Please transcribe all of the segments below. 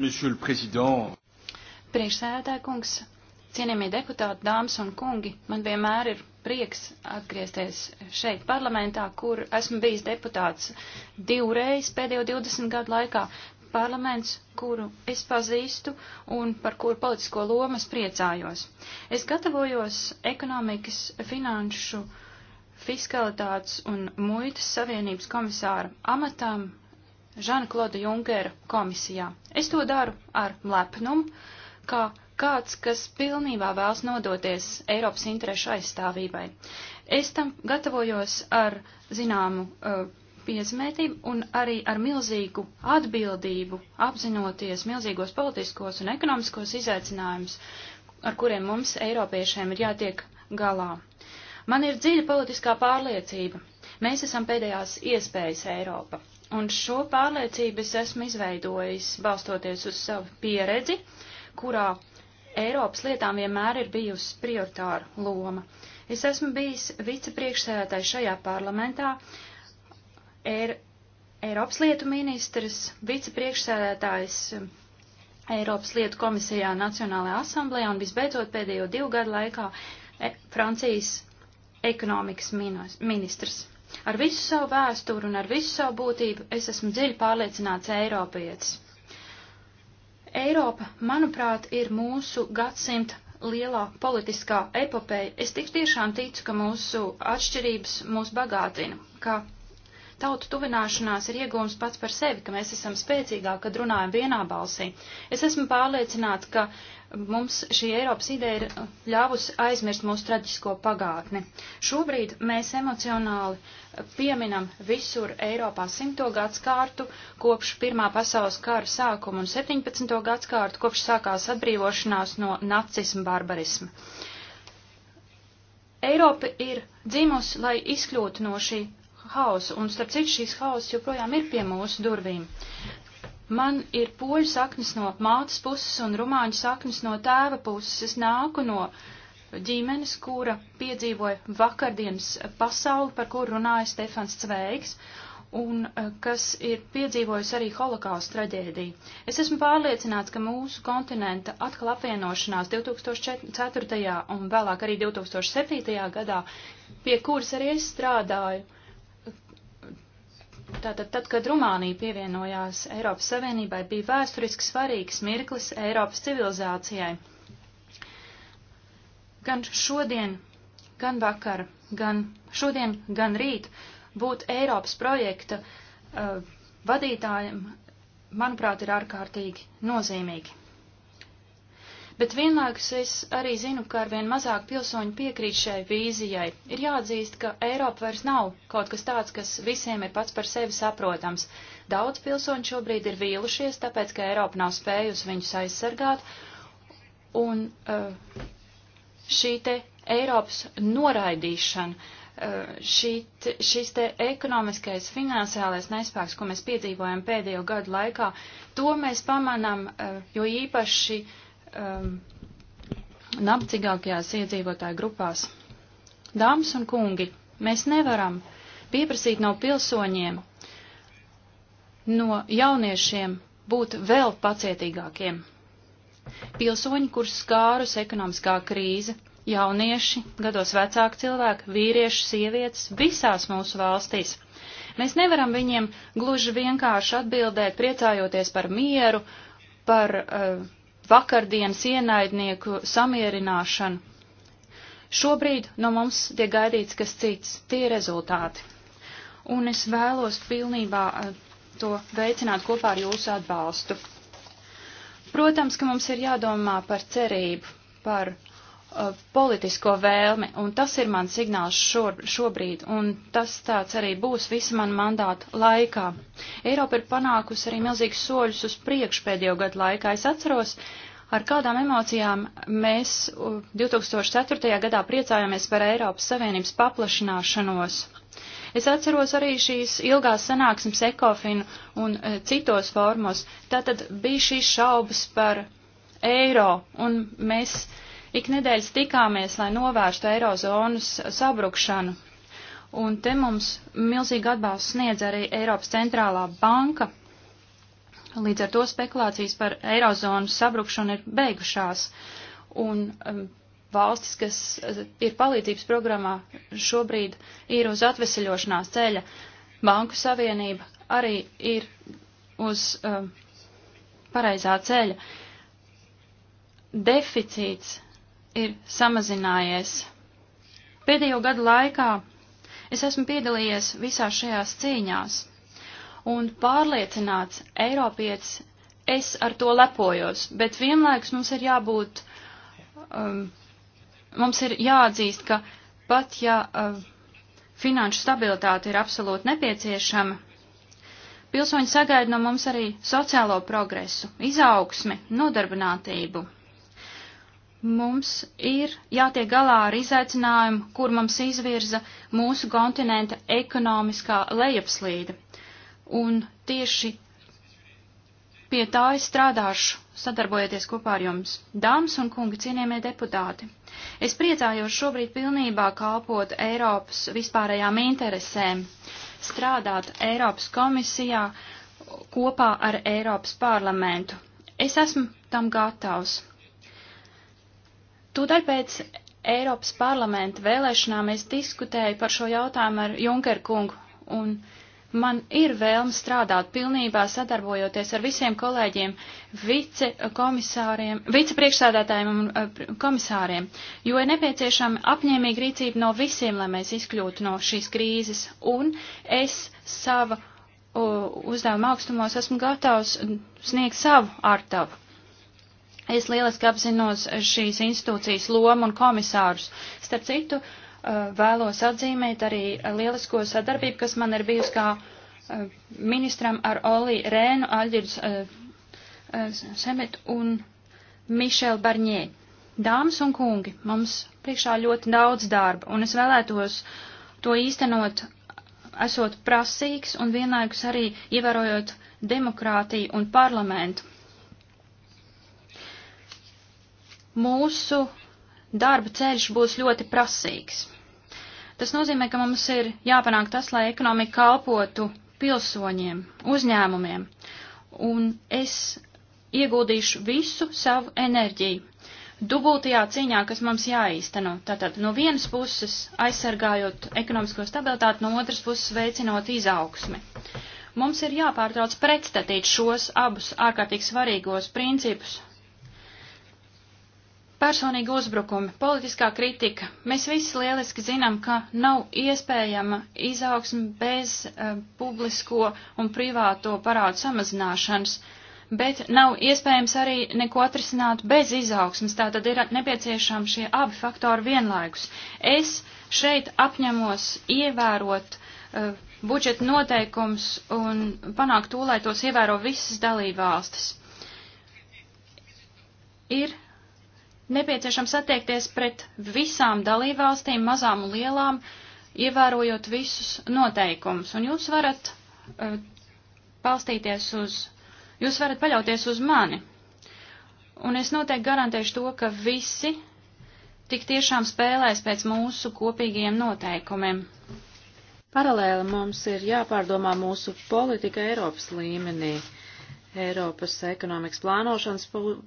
Monsieur le Président. Priekšsēdētāj kungs, cienījamie deputāti, dāmas un kungi, man vienmēr ir prieks atgriezties šeit parlamentā, kur esmu bijis deputāts divreiz pēdējo 20 gadu laikā. Parlaments, kuru es pazīstu un par kuru politisko lomu es priecājos. Es gatavojos ekonomikas, finanšu, fiskalitātes un muitas savienības komisāra amatam Žana Kloda Junkera komisijā. Es to daru ar lepnumu, kā kāds, kas pilnībā vēlas nodoties Eiropas interešu aizstāvībai. Es tam gatavojos ar zināmu uh, piezmētību un arī ar milzīgu atbildību, apzinoties milzīgos politiskos un ekonomiskos izaicinājumus, ar kuriem mums, Eiropiešiem, ir jātiek galā. Man ir dziļa politiskā pārliecība. Mēs esam pēdējās iespējas Eiropa. Un šo pārliecību es esmu izveidojis balstoties uz savu pieredzi, kurā Eiropas lietām vienmēr ir bijusi prioritāra loma. Es esmu bijis vicepriekšsēdētājs šajā parlamentā, Eir Eiropas lietu ministrs, vicepriekšsēdētājs Eiropas lietu komisijā Nacionālajā asamblējā un visbeidzot pēdējo divu gadu laikā e Francijas ekonomikas ministrs. Ar visu savu vēsturu un ar visu savu būtību es esmu dziļi pārliecināts Eiropietis. Eiropa, manuprāt, ir mūsu gadsimta lielā politiskā epopeja. Es tik tiešām ticu, ka mūsu atšķirības mūs bagātina, ka tautu tuvināšanās ir iegūms pats par sevi, ka mēs esam spēcīgāki, kad runājam vienā balsī. Es esmu pārliecināts, ka mums šī Eiropas ideja ir ļāvusi aizmirst mūsu traģisko pagātni. Šobrīd mēs emocionāli pieminam visur Eiropā simto gads kārtu kopš Pirmā pasaules kara sākuma un 17. gads kārtu kopš sākās atbrīvošanās no nacisma barbarisma. Eiropa ir dzimusi, lai izkļūtu no šī hausu, un starp citu šīs hausas joprojām ir pie mūsu durvīm. Man ir poļu saknes no mātes puses un rumāņu saknes no tēva puses. Es nāku no ģimenes, kura piedzīvoja vakardienas pasauli, par kuru runāja Stefans Cveigs, un eh, kas ir piedzīvojis arī holokausta traģēdiju. Es esmu pārliecināts, ka mūsu kontinenta atkal apvienošanās 2004. un vēlāk arī 2007. gadā, pie kuras arī es strādāju, Tātad, tad, kad Rumānija pievienojās Eiropas Savienībai, bija vēsturiski svarīgs mirklis Eiropas civilizācijai. Gan šodien, gan vakar, gan šodien, gan rīt būt Eiropas projekta uh, vadītājiem, manuprāt, ir ārkārtīgi nozīmīgi. Bet vienlaikus es arī zinu, ka arvien mazāk pilsoņu piekrīt šai vīzijai. Ir jāatzīst, ka Eiropa vairs nav kaut kas tāds, kas visiem ir pats par sevi saprotams. Daudz pilsoņu šobrīd ir vīlušies, tāpēc, ka Eiropa nav spējusi viņus aizsargāt, un uh, šī te Eiropas noraidīšana, uh, šī, te, šis te ekonomiskais, finansiālais nespēks, ko mēs piedzīvojam pēdējo gadu laikā, to mēs pamanām, uh, jo īpaši uh, um, nabadzīgākajās iedzīvotāju grupās. Dāmas un kungi, mēs nevaram pieprasīt no pilsoņiem, no jauniešiem būt vēl pacietīgākiem. Pilsoņi, kurus skārus ekonomiskā krīze, jaunieši, gados vecāki cilvēki, vīrieši, sievietes visās mūsu valstīs. Mēs nevaram viņiem gluži vienkārši atbildēt, priecājoties par mieru, par uh, vakardienas ienaidnieku samierināšanu. Šobrīd no mums tiek gaidīts kas cits, tie rezultāti. Un es vēlos pilnībā eh, to veicināt kopā ar jūsu atbalstu. Protams, ka mums ir jādomā par cerību, par Uh, politisko vēlmi, un tas ir mans signāls šo, šobrīd, un tas tāds arī būs visu manu mandātu laikā. Eiropa ir panākusi arī milzīgus soļus uz priekšu pēdējo gadu laikā. Es atceros, ar kādām emocijām mēs 2004. Uh, gadā priecājāmies par Eiropas Savienības paplašināšanos. Es atceros arī šīs ilgās sanāksmes ekofinu un e, citos formos. Tātad bija šīs šaubas par eiro, un mēs Ik nedēļas tikāmies, lai novērstu eirozonas sabrukšanu. Un te mums milzīgi atbalsts sniedz arī Eiropas centrālā banka. Līdz ar to spekulācijas par eirozonas sabrukšanu ir beigušās. Un um, valstis, kas uh, ir palīdzības programmā, šobrīd ir uz atveseļošanās ceļa. Banku savienība arī ir uz um, pareizā ceļa. Deficīts ir samazinājies. Pēdējo gadu laikā es esmu piedalījies visās šajās cīņās, un pārliecināts Eiropietis es ar to lepojos, bet vienlaikus mums ir jābūt, um, mums ir jāatzīst, ka pat ja um, finanšu stabilitāte ir absolūti nepieciešama, pilsoņi sagaida no mums arī sociālo progresu, izaugsmi, nodarbinātību. Mums ir jātiek galā ar izaicinājumu, kur mums izvirza mūsu kontinenta ekonomiskā lejupslīde. Un tieši pie tā es strādāšu, sadarbojoties kopā ar jums. Dāmas un kungi, cienījamie deputāti, es priecājos šobrīd pilnībā kalpot Eiropas vispārējām interesēm, strādāt Eiropas komisijā kopā ar Eiropas parlamentu. Es esmu tam gatavs. Tūdaļ pēc Eiropas parlamenta vēlēšanām es diskutēju par šo jautājumu ar Junkeru kungu, un man ir vēlme strādāt pilnībā sadarbojoties ar visiem kolēģiem, vicepriekšsādātājiem vice un eh, komisāriem, jo ir nepieciešama apņēmīga rīcība no visiem, lai mēs izkļūtu no šīs krīzes, un es sava uzdevuma augstumos esmu gatavs sniegt savu ārtavu. Es lieliski apzinos šīs institūcijas lomu un komisārus. Starp citu, eh, vēlos atzīmēt arī lielisko sadarbību, kas man ir bijusi kā eh, ministram ar Oli Rēnu, Aļģirs eh, Semet un Mišelu Barņē. Dāmas un kungi, mums priekšā ļoti daudz darba, un es vēlētos to īstenot, esot prasīgs un vienlaikus arī ievērojot demokrātiju un parlamentu mūsu darba ceļš būs ļoti prasīgs. Tas nozīmē, ka mums ir jāpanāk tas, lai ekonomika kalpotu pilsoņiem, uzņēmumiem, un es ieguldīšu visu savu enerģiju dubultajā cīņā, kas mums jāīsteno. Tātad no vienas puses aizsargājot ekonomisko stabilitāti, no otras puses veicinot izaugsmi. Mums ir jāpārtrauc pretstatīt šos abus ārkārtīgi svarīgos principus Personīgi uzbrukumi, politiskā kritika. Mēs visi lieliski zinām, ka nav iespējama izaugsme bez uh, publisko un privāto parādu samazināšanas, bet nav iespējams arī neko atrisināt bez izaugsmes. Tātad ir nepieciešami šie abi faktori vienlaikus. Es šeit apņemos ievērot uh, budžeta noteikums un panākt to, lai tos ievēro visas dalībvalstis. Ir nepieciešams attiekties pret visām dalībvalstīm, mazām un lielām, ievērojot visus noteikumus. Un jūs varat uh, eh, palstīties uz, jūs varat paļauties uz mani. Un es noteikti garantēšu to, ka visi tik tiešām spēlēs pēc mūsu kopīgiem noteikumiem. Paralēli mums ir jāpārdomā mūsu politika Eiropas līmenī. Eiropas ekonomikas plānošanas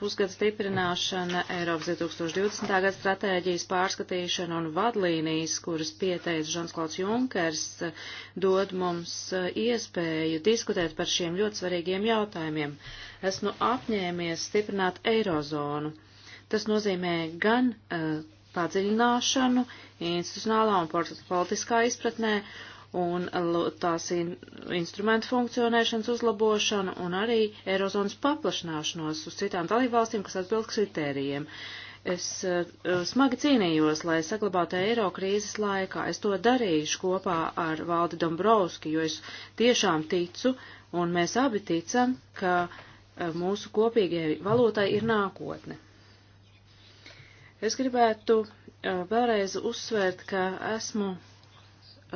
pusgada stiprināšana, Eiropas 2020. gada stratēģijas pārskatīšana un vadlīnijas, kuras pieteica Žansklauds Junkers, dod mums e, iespēju diskutēt par šiem ļoti svarīgiem jautājumiem. Esmu apņēmies stiprināt eirozonu. Tas nozīmē gan uh, padziļināšanu institucionālā un politiskā izpratnē, uh, un tās instrumentu funkcionēšanas uzlabošanu un arī Eirozonas paplašināšanos uz citām dalībvalstīm, kas atbild kritērijiem. Es eh, smagi cīnījos, lai saglabātu eiro krīzes laikā. Es to darīšu kopā ar Valdi Dombrovski, jo es tiešām ticu, un mēs abi ticam, ka eh, mūsu kopīgajai valūtai ir nākotne. Es gribētu eh, vēlreiz uzsvērt, ka esmu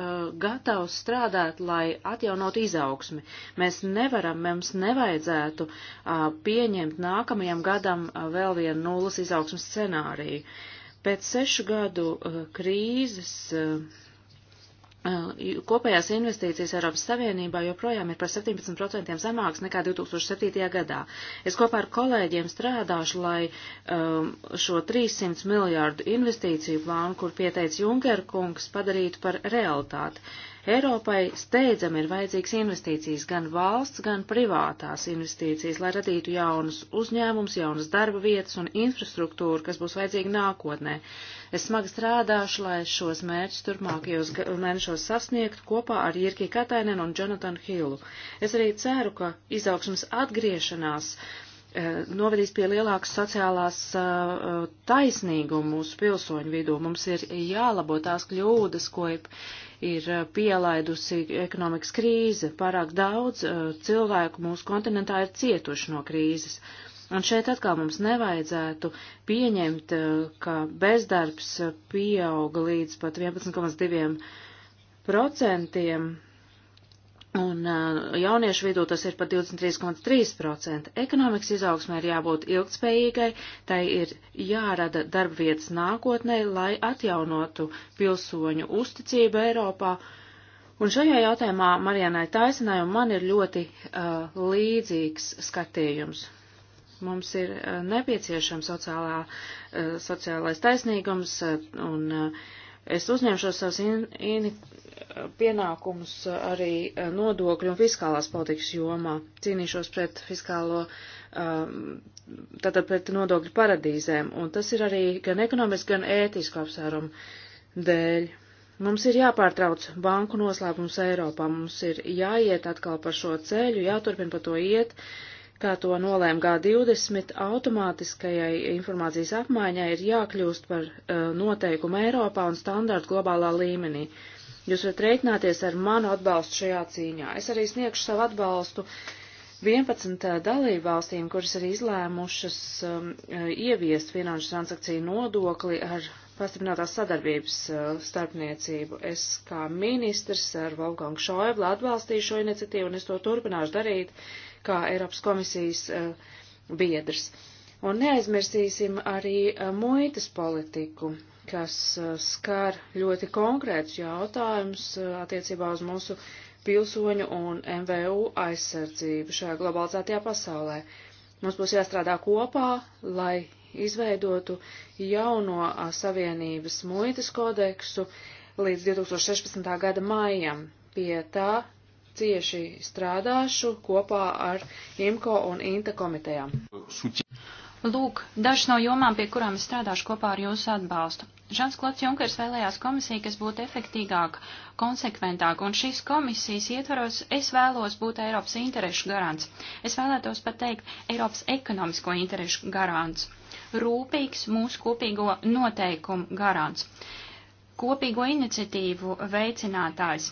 Uh, gatavs strādāt, lai atjaunot izaugsmi. Mēs nevaram, mums nevajadzētu uh, pieņemt nākamajam gadam uh, vēl vienu nulles izaugsmas scenāriju. Pēc sešu gadu krīzes Uh, kopējās investīcijas Eiropas Savienībā joprojām ir par 17% zemāks nekā 2007. gadā. Es kopā ar kolēģiem strādāšu, lai um, šo 300 miljārdu investīciju plānu, kur pieteica Junker kungs, padarītu par realitāti. Eiropai steidzami ir vajadzīgs investīcijas, gan valsts, gan privātās investīcijas, lai radītu jaunus uzņēmumus, jaunas darba vietas un infrastruktūru, kas būs vajadzīga nākotnē. Es smagi strādāšu, lai šos mērķus turpmākajos mēnešos sasniegtu kopā ar Jirki Katainen un Jonatanu Hillu. Es arī ceru, ka izaugsmas atgriešanās eh, novedīs pie lielākas sociālās eh, taisnīguma mūsu pilsoņu vidū. Mums ir jālabo tās kļūdas, ko ir ir eh, pielaidusi ekonomikas krīze. Pārāk daudz eh, cilvēku mūsu kontinentā ir cietuši no krīzes. Un šeit atkal mums nevajadzētu pieņemt, eh, ka bezdarbs pieauga līdz pat 11,2 procentiem Un jauniešu vidū tas ir par 23,3%. Ekonomikas izaugsmē ir jābūt ilgtspējīgai, tai ir jārada darbvietas nākotnē, lai atjaunotu pilsoņu uzticību Eiropā. Un šajā jautājumā Marijanai Taisinai un man ir ļoti uh, līdzīgs skatījums. Mums ir uh, nepieciešams sociālā, uh, sociālais taisnīgums uh, un uh, es uzņemšos savas in, in, pienākumus arī eh, nodokļu un fiskālās politikas jomā. Cīnīšos pret fiskālo, ehm, tātad pret nodokļu paradīzēm, un tas ir arī gan ekonomiski, gan ētisku apsvērumu dēļ. Mums ir jāpārtrauc banku noslēpums Eiropā, mums ir jāiet atkal par šo ceļu, jāturpina pa to iet, kā to nolēma G20, automātiskajai informācijas apmaiņai ir jākļūst par uh, noteikumu Eiropā un standārtu globālā līmenī. Uh, Jūs varat rēķināties ar manu atbalstu šajā cīņā. Es arī sniegšu savu atbalstu 11 dalību valstīm, kuras ir izlēmušas um, ieviest finanšu transakciju nodokli ar pastiprinātās sadarbības uh, starpniecību. Es kā ministrs ar Volgangu Šoevlu atbalstīju šo iniciatīvu un es to turpināšu darīt kā Eiropas komisijas uh, biedrs. Uh, Un neaizmirsīsim arī eh, muitas politiku, kas eh, skar ļoti konkrētus jautājumus eh, attiecībā uz mūsu pilsoņu un MVU aizsardzību šajā globalizētajā pasaulē. Mums būs jāstrādā kopā, lai izveidotu jauno savienības muitas kodeksu līdz 2016. gada maijam. Pie tā cieši strādāšu kopā ar IMCO un INTA komitejām. Suķi. Lūk, daži no jomām, pie kurām es strādāšu kopā ar jūsu atbalstu. Žans Klots Junkers vēlējās komisiju, kas būtu efektīgāka, konsekventāka, un šīs komisijas ietvaros es vēlos būt Eiropas interešu garants. Es vēlētos pateikt Eiropas ekonomisko interešu garants. Rūpīgs mūsu kopīgo noteikumu garants. Kopīgo iniciatīvu veicinātājs,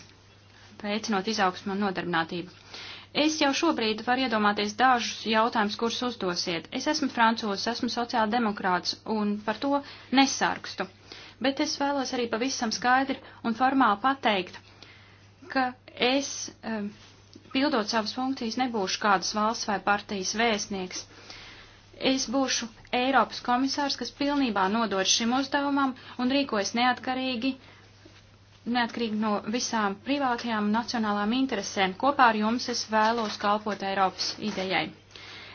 veicinot izaugsmu un nodarbinātību. Es jau šobrīd varu iedomāties dažus jautājumus, kurus uzdosiet. Es esmu francūzs, esmu sociāldemokrāts un par to nesārkstu. Bet es vēlos arī pavisam skaidri un formāli pateikt, ka es, um, pildot savas funkcijas, nebūšu kādas valsts vai partijas vēstnieks. Es būšu Eiropas komisārs, kas pilnībā nodod šim uzdevumam un rīkojas neatkarīgi neatkarīgi no visām privātajām nacionālām interesēm, kopā ar jums es vēlos kalpot Eiropas idejai.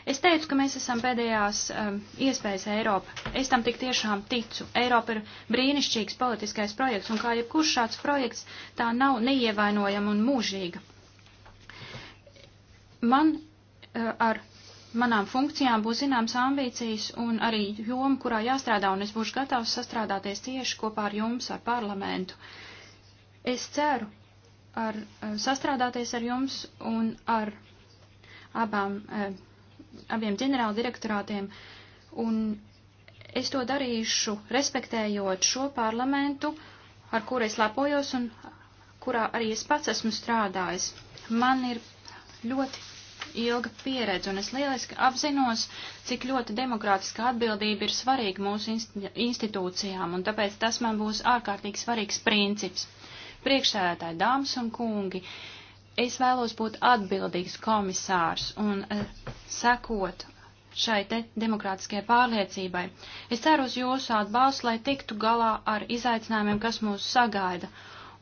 Es teicu, ka mēs esam pēdējās um, iespējas Eiropa. Es tam tik tiešām ticu. Eiropa ir brīnišķīgs politiskais projekts, un kā jebkurš šāds projekts, tā nav neievainojama un mūžīga. Man uh, ar manām funkcijām būs zināms ambīcijas un arī joma, kurā jāstrādā, un es būšu gatavs sastrādāties tieši kopā ar jums, ar parlamentu. Uh, Es ceru ar, eh, sastrādāties ar jums un ar abām, eh, abiem ģenerāla direktorātiem, un es to darīšu respektējot šo parlamentu, ar kuru es lepojos un kurā arī es pats esmu strādājis. Man ir ļoti ilga pieredze, un es lieliski apzinos, cik ļoti demokrātiskā atbildība ir svarīga mūsu institūcijām, un tāpēc tas man būs ārkārtīgi svarīgs princips priekšsēdētāji, dāmas un kungi, es vēlos būt atbildīgs komisārs un eh, sekot šai te demokrātiskajai pārliecībai. Es ceru uz jūsu atbalstu, lai tiktu galā ar izaicinājumiem, kas mūs sagaida,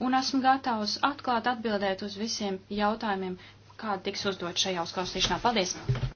un esmu gatavs atklāt atbildēt uz visiem jautājumiem, kādi tiks uzdot šajā uzklausīšanā. Paldies!